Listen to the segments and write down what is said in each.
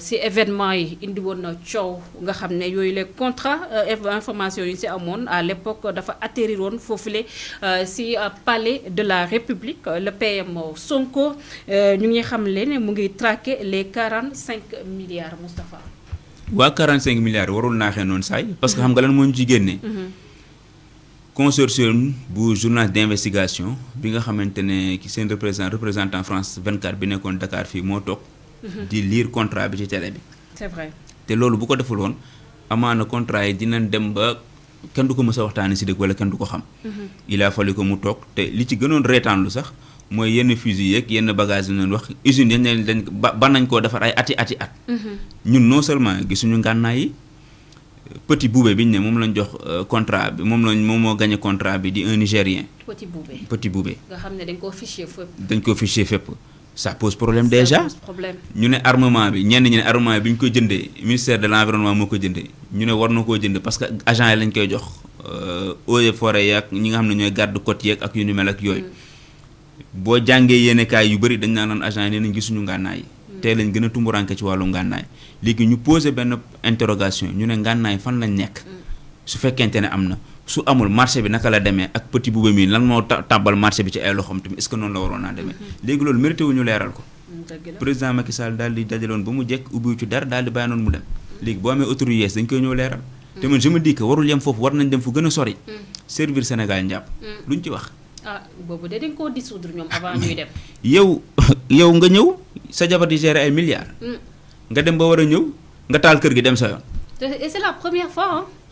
ces événements indi woon na nga xamné yoy yooyu les contrats euh, information yi ci amone à l'époque dafa atterrir woon foofule euh, si euh, palais de la république le PM Sonko ñu ngi xam le ne mu ngi traquer les 45 milliards Moustapha. wa 45 milliards warul naaxee non say parce que xam nga lan moo ñu ci génne. Mhm. consortium bu journal d'investigation bi nga xamante ki seen représentant représentant France 24 bi nekkoon Dakar fi mo tok Mhm. di lire contrat bi ci télé c'est vrai te loolu bu ko deful amaana contrat yi dinañ dem ba kenn du ko a wala kenn du xam. Mhm. il a fallu que mu toog te li ci gënoon reetaanlu sax mooy yenn fusil yenn bagage wax usine dañ dañ nañ koo defar ay ati ati des... Mhm. ñun non seulement gisuñu ngànnaay yi. petit boubé bi ne lañ jox euh, contrat bi moom lañ moom moo gagné contrat bi di un nigérien. petit boubé petit boubé. nga xam ne dañ koo fiché fépp. dañ koo fiché ça pose problème déjà ñu ne armement bi ñenn ñi ne armement bi ñu ko jëndee ministère de l' environnement moo ko jëndee ñu ne war na ko jënd parce que agent yi lañ koy jox euh, eaux et forêt yaag ñi nga xam ne ñooy garde côte yeeg ak yu ni mel ak yooyu mm. boo jàngee yéenekaay yu bëri dañ naa naan agent yi nee nañ gisuñu ngànnaay mm. tey lañ gën a tumburanke ci wàllu ngànnaay léegi ñu posé benn interrogation ñu ne ngànnaay fan lañ nekk mm. su fekkente ne am na su amul marché bi naka la demee ak petit boobu mi lan moo tàbbal marché bi ci ay loxoom tamit est-ce que noonu la waroon naa demee. Mm-hmm. léegi loolu mérité wu ñu leeral ko. Mm, président Macky Sall daal di dajaloon ba mu jekk ubbiwu ci dara daal di bàyyi noonu mu dem. léegi boo amee autorité dañ koy ñëw leeral. Mm. te man je me dis warul yem foofu war nañ dem fu gën a sori. Mm. servir Sénégal njàpp. luñ ci wax. ah boobu de dañ koo dissoudre ñoom avant yow nga ñëw sa jabar di gérer ay milliards. nga dem ba war a ñëw nga taal kër gi dem sa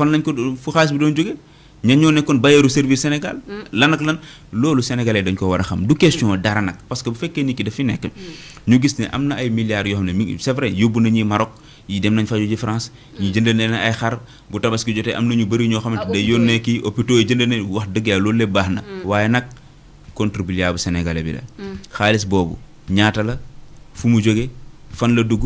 fan lañ ko fu xaalis bi doon jóge ñan ñoo nekkoon bayeeru service Sénégal. Mm. lan ak lan loolu sénégalais dañ ko war a xam du question dara nag parce que bu fekkee nit ki dafi nekk. Mm. ñu gis ne am na ay milliards yoo xam mi ngi c'est vrai yóbbu nañuy Maroc yi dem nañ fa ji France. ñu mm. jëndal leen ay xar bu tabaski jotee am na ñu bëri ñoo xamante ah, day yónnee kii hôpitaux yi jëndal leen wax dëgg yàlla loolu lépp na. waaye nag contribuable sénégalais bi la. xaalis boobu ñaata la fu mu jóge fan la dugg.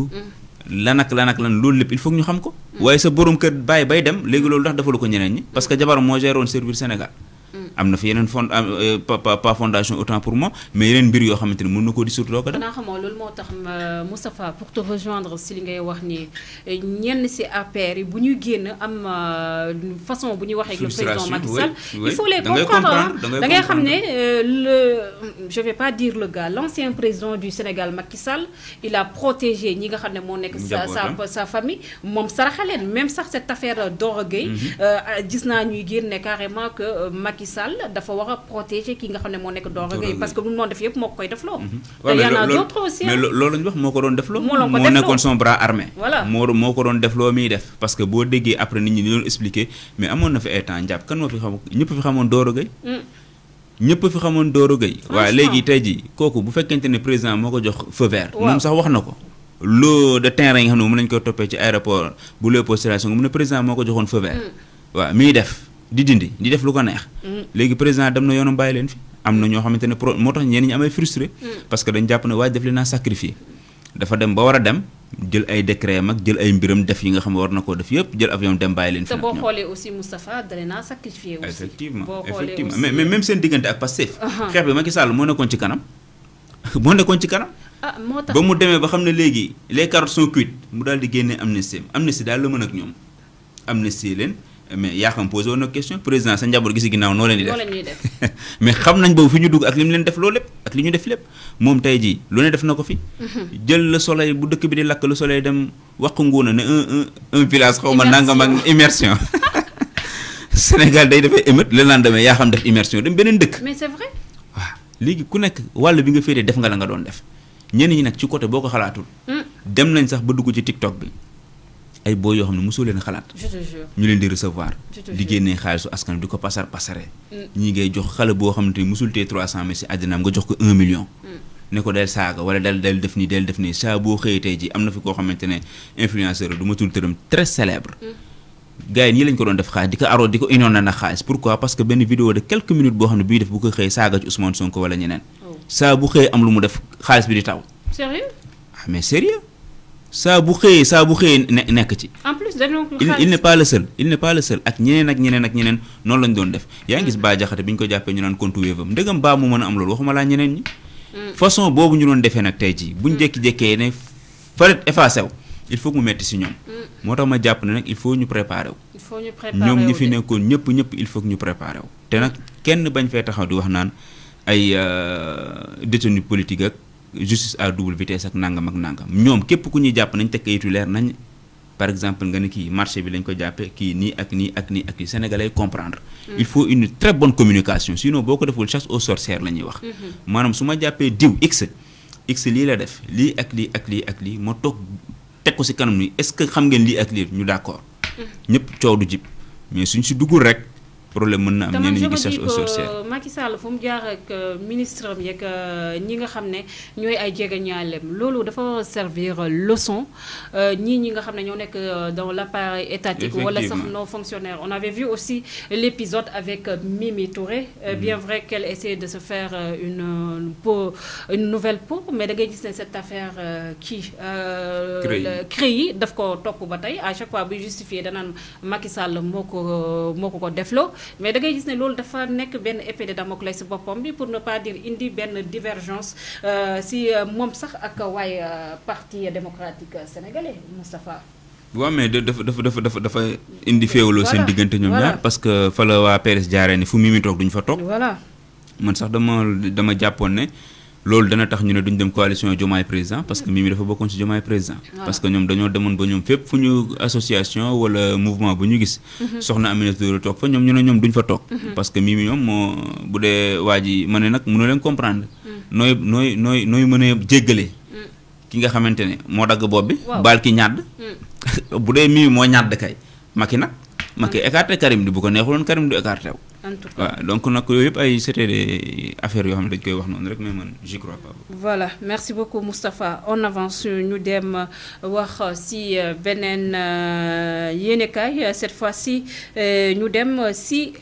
lan ak lan ak lan loolu lépp il faut ñu xam ko. waaye sa borom kër bàyyi bay dem léegi loolu ndax dafa ko ñeneen ñi parce que jabaram moo géroon servir Sénégal mm. am na fi yeneen fond euh, pas fondation autant pour moi mais yeneen mbir yoo xamante ni mën na koo di surtout doo ko def. xanaa xamoo loolu moo tax euh, Moustapha pour te rejoindre si li ngay wax nii ñenn si APR yi bu ñuy génn am euh, façon bu ñuy waxee. le président Macky Sall il faut les comprendre hein. da ngay xam ne le je vais pas dire le gars l' ancien président du Sénégal Macky Sall il a protégé ñi nga xam ne moo nekk. sa sa famille moom saraxaleen même sax cette affaire Doro Gueye mm-hmm. gis naa ñuy génne carrément que Macky Sall dafa protéger ki nga ne moo nekk parce que lu def yëpp moo mhm. y en a d'autres aussi mais hein. loolu wax moo ko doon defloo. son bras armé. voilà parce que boo déggee après nit ñi expliquer mais amoon na fi ay temps kan moo fi xam ñëpp fi xamoon ne mm. ñëpp fi xamoon léegi tey jii bu président feu vert. moom sax wax na de terrain nga ne ci aéroport bu ne président feu vert. Mm. di dindi di def lu ko neex mm. léegi président dem na yoonam fi am na ñoo ne pro moo nyeni nyamai ñi amay frustré mm. parce que dañ jàpp ne waaj def leen naa sacrifié dafa dem ba war dem jël ay décret mag jël ay mbiram def yi nga xam war na def yëpp jël avion dem bàyyi leen fi boo xoolee aussi Moustapha dale naa sacrifié aussi effectivement effectivement mais mais même seen diggante ak Pastef xeex bi Macky Sall moo nekkoon ci kanam moo nekkoon ci kanam ah, ba mu demee ba ne les carottes sont cuites mu daal di génnee amnistie amnistie mën ak mais yaa xam posé une question président sa njaboot gi si ginnaaw noo def mais xam nañ boobu fi ñu ak li mu def loolu lépp ak li def lépp le tey lu ne def na fi le soleil bu dëkk bi di lakk le soleil dem waq nguuna ne un un un village nangam ak immersion Sénégal day defee émeute le lendemain xam def immersion dem mais c'est vrai waaw ku nekk wàll bi nga féetee def nga la nga doon def ñenn ñi nag ci côté boo xalaatul mm. dem nañ sax TikTok bi ay boy yo xam ne mosoo leen ñu len di recevoir. di génné xaalisu askan diko passer passeré mm. ñi ngay jox xale bo xam ne musul té 300 mille ci àddinaam nga jox ko 1 million. Mm. né ko del saga wala del del def ni del def ni sa bo xey tey ji amna fi ko xamante ne influenceur du ma tudd très célèbre. Mm. gaay ñi lañ ko doon def xaalis diko ko diko union na na xaalis pourquoi parce que benn vidéo de quelques minutes bo xam bi def bu ko xey saga ci Ousmane Sonko wala ñeneen. Oh. sa bu xey am lu mu def xaalis bi di taw. sérieux ah mais sérieux saa bu xëyee saa bu xëyee ne nekk ci. en plus dañoo il n'est pas le seul il n'est pas le seul ak ñeneen ak ñeneen ak ñeneen noonu lañ doon def. yaa ngi gis mm. Bah Diakhaté bi ñu ko jàppee ñu naan compte Wave am ndegam baa mu mën a am loolu waxuma ñeneen ñi. Mm. façon boobu ñu doon defe nag tey jii buñ mm. jékki-jékkee ne faret effacé wu il faut mu metti si ñoom. moo tax ma jàpp ne nag il faut ñu préparer wu. il faut ñu fi nekkoon ñëpp ñëpp il faut ñu préparer wu. te nag kenn bañ fee taxaw di wax naan ay euh, détenu politique ak justice à double vitesse ak nangam ak nangam ñom képp ku ñuy jàpp nañ teg kayitu leer nañ par exemple nga ne kii marché bi lañ ko jappé ki ni ak ni ak ni ak sénégalais comprendre. Mm. il faut une très bonne communication sinon boko deful chasse aux sorcières lañuy wax. Mm-hmm. manam suma jappé diw x x li la def li ak li ak li ak li mo tok teg ko ci kanam ni est-ce que xam ngeen li ak li ñu d'accord. Mm. ñëpp coow du jib mais suñ ci duggul rek problème mën na am ñenn ñi ngi chasse aux sorcières Macky Sall fu mu jaar ak euh, ministre am yeeg euh, ñi nga xam ne ñooy ay jege ñaaleem loolu dafa servir leçon euh, ñii ñi nga xam ne ñoo nekk dans l'appareil étatique wala sax nos fonctionnaire on avait vu aussi l'épisode avec Mimi Touré mm-hmm. bien vrai qu'elle essayait de se faire une peau une nouvelle peau mais da ngay gis ne cette affaire qui crée, daf ko topp ba tey à chaque fois bu justifié danaan Macky Sall moo ko moo ko ko defloo mais dangay gis ne loolu dafa nekk benn épée de Damoclès si boppam bi pour ne pas dire indi benn divergence si euh, euh, moom sax ak waaye euh, parti démocratique sénégalais Moustapha waaw mais dafa dafa dafa dafa dafa indi féewaloo seen diggante ñoom ñaar parce que fa la waa PDS jaaree ni fu Mimi toog duñ fa toog voilà man sax dama dama jàppoon ne loolu dana tax ñu ne duñ dem coalition Diomaye président parce que Mimi dafa bokkoon ci Diomaye président parce que ñoom dañoo demoon ba ñoom fépp fu ñu association wala mouvement bu ñu gis mhm. soxna Aminata Touré toog fa ñoom ñu ne ñoom duñ fa toog mhm. parce que Mimi ñoom moo bu dee waa ji ma ne nag mënu leen comprendre mhm. nooy nooy nooy nooy mën a jéggalee ki nga xamante ne moo dagg boob bi baal ki ñàdd bu dee Mimi moo ñàdd kay Macky nag Macky écarté Karim di bu ko neexuloon Karim du écarté wu en tout cas donc on a ay c'était des affaires yo xam dañ koy wax non rek mais man j'y crois pas. voilà merci beaucoup Mustapha. on avance ñu dem euh, wax euh, si euh, beneen yéenekaay cette fois-ci ñu dem si.